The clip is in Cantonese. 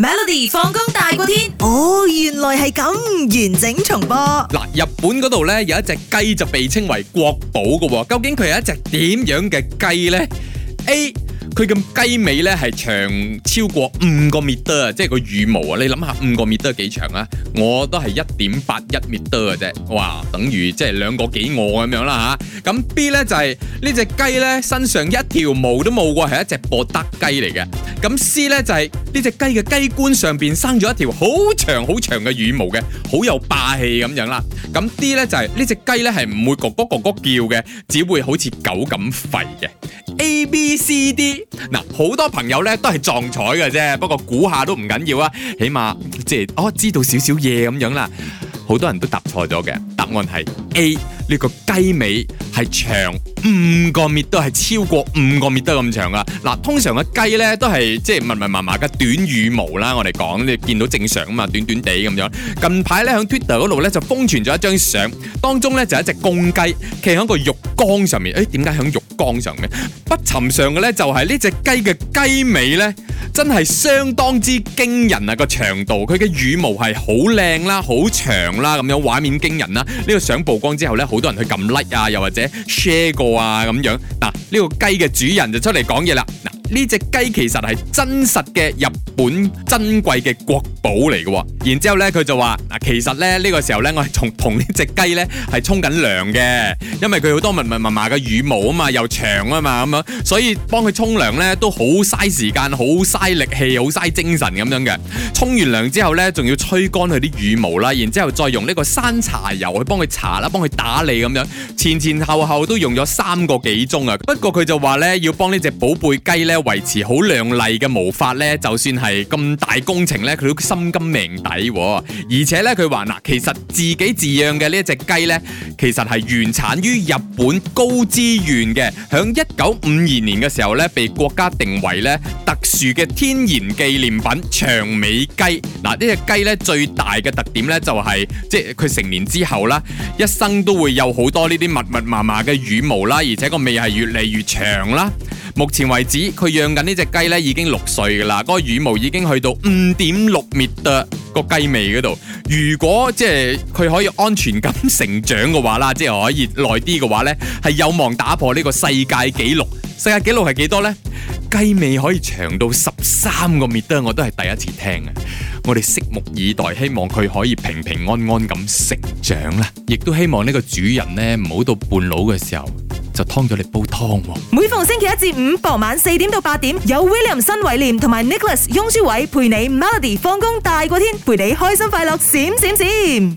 Melody 放工大過天，哦，oh, 原來係咁，完整重播。嗱，日本嗰度咧，有一隻雞就被稱為國寶噶，究竟佢係一隻點樣嘅雞咧？A，佢嘅雞尾咧係長超過五個米多啊，即係個羽毛啊，你諗下五個米多幾長啊？我都係一點八一米多嘅啫，哇，等於即係兩個幾我咁樣啦吓。咁 B 咧就係呢隻雞咧，身上一條毛都冇過，係一隻博德雞嚟嘅。咁 C 呢就係呢隻雞嘅雞冠上邊生咗一條好長好長嘅羽毛嘅，好有霸氣咁樣啦。咁 D 呢就係呢隻雞呢係唔會咕咕咕咕咕咕叫嘅，只會好似狗咁吠嘅。A、B、C、D，嗱，好多朋友呢都係撞彩嘅啫，不過估下都唔緊要啊，起碼即係哦知道少少嘢，咁樣啦。好多人都答錯咗嘅，答案係 A。呢個雞尾係長五個米都係超過五個米都咁長噶。嗱，通常嘅雞咧都係即係密密麻麻嘅短羽毛啦。我哋講你見到正常啊嘛，短短地咁樣。近排咧喺 Twitter 嗰度咧就瘋傳咗一張相，當中咧就係一隻公雞企喺個浴缸上面。誒，點解喺浴缸上面？不尋常嘅咧就係呢隻雞嘅雞尾咧。真係相當之驚人啊！這個長度，佢嘅羽毛係好靚啦、好長啦咁樣畫面驚人啦、啊。呢、這個相曝光之後呢，好多人去撳 like 啊，又或者 share 過啊咁樣。嗱，呢個雞嘅主人就出嚟講嘢啦。嗱，呢隻雞其實係真實嘅入。本珍貴嘅國寶嚟嘅。哦，然之後呢，佢就話嗱，其實呢，呢、呢個時候呢，我係同同隻雞呢隻雞呢係沖緊涼嘅，因為佢好多密密麻麻嘅羽毛啊嘛，又長啊嘛咁樣，所以幫佢沖涼呢，都好嘥時間、好嘥力氣、好嘥精神咁樣嘅。沖完涼之後呢，仲要吹乾佢啲羽毛啦，然之後再用呢個山茶油去幫佢搽啦，幫佢打理咁樣，前前後後都用咗三個幾鐘啊。不過佢就話呢，要幫呢隻寶貝雞呢維持好亮麗嘅毛髮呢，就算係。咁大工程呢，佢都心甘命抵，而且呢，佢話嗱，其實自己飼養嘅呢隻雞呢，其實係原產於日本高知縣嘅，響一九五二年嘅時候呢，被國家定為呢特殊嘅天然紀念品長尾雞。嗱、呃，呢隻雞呢最大嘅特點呢，就係、是，即係佢成年之後啦，一生都會有好多呢啲密密麻麻嘅羽毛啦，而且個尾係越嚟越長啦。目前為止，佢養緊呢隻雞咧，已經六歲噶啦，嗰個羽毛已經去到五點六 meter，個雞尾嗰度。如果即係佢可以安全咁成長嘅話啦，即係可以耐啲嘅話咧，係有望打破呢個世界紀錄。世界紀錄係幾多呢？雞尾可以長到十三個 meter，我都係第一次聽啊！我哋拭目以待，希望佢可以平平安安咁成長啦，亦都希望呢個主人咧唔好到半老嘅時候就劏咗嚟煲湯喎。哦！每逢星期一至五傍晚四點到八點，有 William 新維廉同埋 Nicholas 翁舒偉陪你，Melody 放工大過天陪你開心快樂閃閃閃。